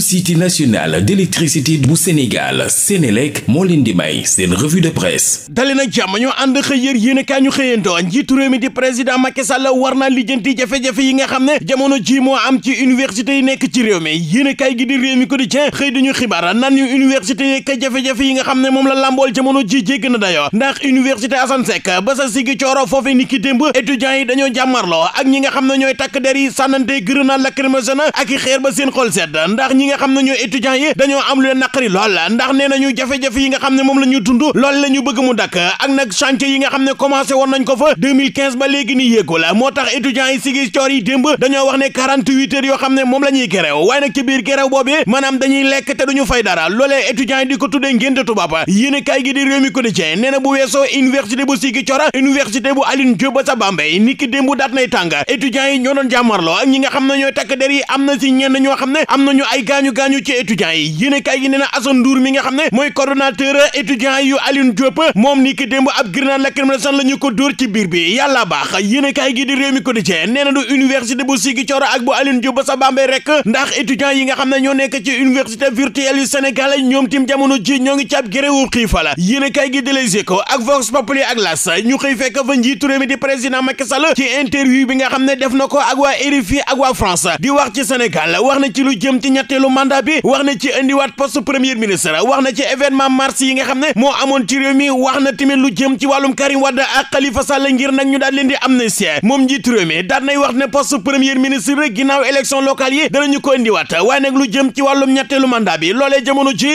société nationale d'électricité bu Sénégal Sénélec moo leen di may seen revue de presse dali nag ñu ànd xëy yér yéenekaay ñu xëyandoo njiitu réew mi di président Macky Sall war naa lijjanti jafe-jafe yi nga xam ne jamono ji moo am ci université yi nekk ci réew mi yéenekaay gi di réew mi quotidien xëy dañu xibaar nan ñu université yi ak jafe-jafe yi nga xam ne moom la làmbool jamono ji jégg na dayoo ndax université Assane Seck ba sa sigi cooro nga xam ne ñooy takk der yi sànnante ñi nga xam ne ñoo yi dañoo am lu leen naqari lool ndax nee nañu jafe-jafe yi nga xam ne moom la ñuy dund lool la bëgg mu dakk ak nag chantier yi nga xam ne commencé woon nañ ko fa ba léegi ni yéegu la moo tax étudiants yi sigi coor yi démb dañoo wax ne 48 heures yoo xam ne moom la gerew waaye nag ci biir gerew boobi maanaam dañuy lekk te duñu fay dara loolee étudiants yi di ko tuddee ngénte tubaab yéen kaay gi di réew mi quotidien nee na bu na si gaañu gaañu ci étudiants yi yéen a kaay gi nee na Assane Ndour mi nga xam ne mooy coordonnateur étudiants yu Alioune Diop moom nii ki démb ab grenade lacrymogène la ñu ko dóor ci biir bi yàlla baax yéen a kaay gi di mi ko di cee nee na du université bu Ziguinchor ak bu Alioune Diop ba sa Bambey rek ndax étudiants yi nga xam ne ñoo nekk ci université virtuelle yu Sénégal ñoom tim jamono ji ñoo ngi ci ab gréwu xiifala yéen a kaay gi di Les Échos ak Vox Populi ak L'As ñu xëy fekk fa njiitu réew mi di président Macky Sall ci interview bi nga xam ne def na ko ak waa RFI ak waa France di wax ci Sénégal wax na ci lu jëm ci ñett ñetteelu mandat bi wax na ci indiwaat poste premier ministre wax na ci événement mars yi nga xam ne moo amoon ci réew mi nag ñu daal leen di amnistie moom njiit wax ne poste premier ministre ginnaaw élection locale yi danañu ko indiwaat waaye nag lu jëm ci wàllum ñetteelu mandat bi loolee jamono ci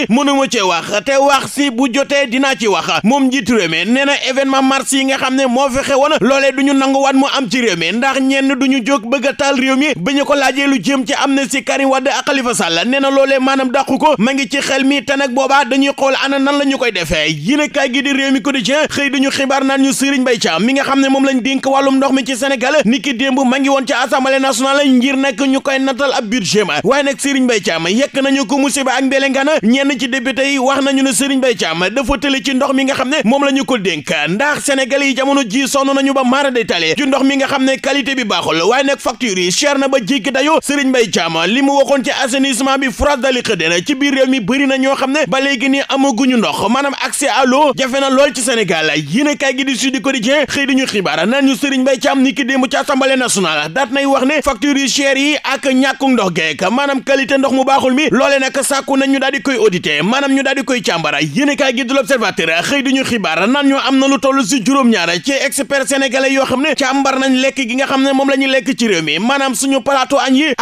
te wax si bu jotee dinaa ci wax moom njiit réew mi nee na événement mars yi nga xam ne moo fexe woon loole du ñu nanguwaat mu am ci réew mi ndax ñenn du ñu jóg bëgg a taal réew mi ba ko laajee lu jëm ci amnistie Karim Wade ak Khalifa Sall la nee na loolee maanaam dàqu ko ma ngi ci xel mi te nag boobaa dañuy xool ana nan la ñu koy defee yéen a kaay gi di réew mi quotidien xëy dañu xibaar naan ñu Serigne Mbaye Thiam mi nga xam ne moom lañ dénk wàllum ndox mi ci Sénégal ni ki ma ngi woon ci assemblée nationale ngir nag ñu koy natal ab budget ma waaye nag Serigne Mbaye Thiam yekk nañu ko musiba ak mbelengana ñenn ci député yi wax nañu ne Serigne Mbaye Thiam dafa tële ci ndox mi nga xam ne moom la ñu ko dénk ndax Sénégal yi jamono ji sonn nañu ba mara détaillé ndox mi nga xam ne qualité bi baaxul waaye nag yi cher na ba jéggi dayo Serigne Mbaye li mu waxoon ci assainissement bi Fourass Dali xëddéena ci biir réew mi bëri na ñoo xam ne ba léegi ni amaguñu ndox maanaam accès à l'eau jafe na lool ci Sénégal yéen kaay gi di Sud Quotidien xëy diñu xibaara naan ñu Serigne Mbaye Thiam ni ki démb ci Assemblée nationale daat nay wax ne factures yu cher yi ak ñàkkum ndox geek maanaam qualité ndox mu baaxul mi loole na sàkku nañ ñu daal di koy audité maanaam ñu daal di koy càmbara yéen kaay gi di L'Observateur xëy diñu xibaara naan ñu am na lu toll si yoo xam ne càmbar nañ lekk gi nga xam ne moom la ñuy lekk ci réew mi maanaam suñu plateau añ yi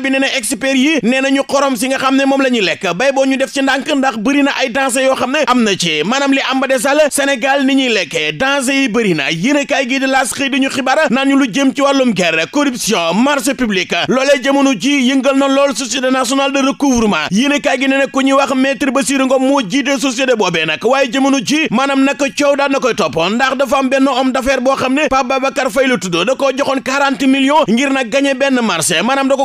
bi nee na expert yi nee nañu xorom si nga xam ne moom la lekk bay boo ñu def ci ndànk ndax bëri na ay danger yoo xam ne am na ci maanaam li amba desal Sénégal ni ñuy lekkee danger yi bëri na yéen kaay gi di laas xëy di ñu xibaar naan ñu lu jëm ci wàllum guerre corruption marché public loolee jamono ji yëngal na lool société nationale de recouvrement yéen kaay gi ne nag ku ñuy wax maître Bassirou Ngom moo jiite société boobee nag waaye jamono ji maanaam nag coow daan na koy topp ndax dafa am benn homme d'affaires boo xam ne Pape Babacar Faye la tudd da koo joxoon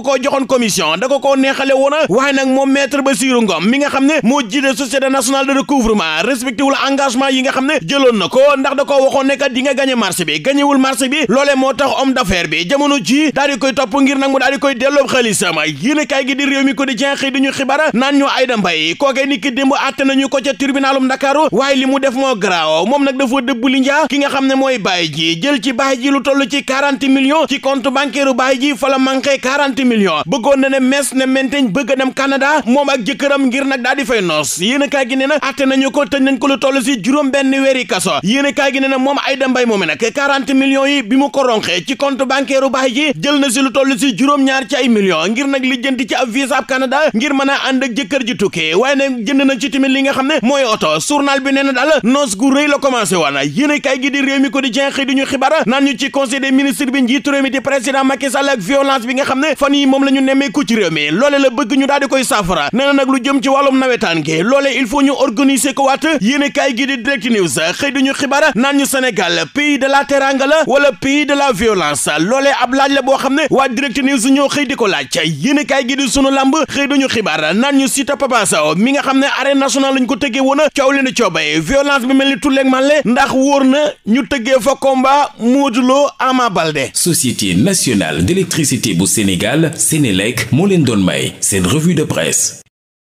koo joxoon commission da koo neexale woon waaye nag moom maître Bassirou Ngom mi nga xam ne moo jiite société nationale de recouvrement respecté wul engagement yi nga xam ne jëloon na ko ndax da koo waxoon ne kat di nga gagné marché bi gagnéwul marché bi loolee moo tax homme d'affaires bi jamono ji daal di koy topp ngir nag mu daal di koy delloo xaalisam yéen kaay gi di réew ko di jenxëy di ñu xibaar naan ñu Ayda Mbaye kookee ni ki démb àtte nañu ko ca tribunalum Ndakaaru waaye li mu def moo garaaw moom nag dafa dëbb li njaa xam ne mooy baay ji jël ci baay ji lu toll ci 40 millions ci compte bancaire baay ji fa la manqué 40 millions bëggoon na ne na menteñ bëgg a dem Canada moom ak jëkkëram ngir nag daal di fay noos yéen a gi ne na atte nañu ko tëj nañ ko toll si juróom benn weeri kaso yéen a kaay gi ne na moom Aïda Mbaye moom nag quarante millions yi bi mu ko ronxee ci compte bancaire baay ji jël na si lu toll si juróom-ñaar ci ay millions ngir nag lijjanti ci ab visa ab Canada ngir mën a ànd ak jëkkër ji tukkee waaye nag jënd na ci tamit li nga xam ne mooy oto journal bi nee na daal noos gu rëy la a kaay ñu xibaar naan ñu ci conseil des ministres bi njiitu ne fan yi ñu nemmeeku ci réew loolee loole la bëgg ñu daal di koy saafara nee na nag lu jëm ci wàllum nawetaan gi loole il faut ñu organiser ko waat yéene kaay gi di direct news xëy duñu xibaar naan ñu Sénégal pays de la teranga la wala pays de la violence loolee ab laaj la boo xam ne waa direct news ñoo xëy di ko laaj yéene kaay gi di sunu làmb xëy ñu xibaar naan ñu Siteu Papa Sow mi nga xam ne arène nationale lañ ko tëggee woon coow leen coobay violence bi mel ni tulleeg ndax wóor na ñu tëggee fa combat Modou Lo Ama Baldé société nationale d'électricité bu Sénégal Sénélec moo leen doon doon may seen revue de presse